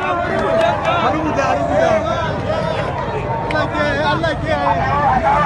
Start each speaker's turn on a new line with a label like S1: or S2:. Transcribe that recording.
S1: Allah ke Allah ke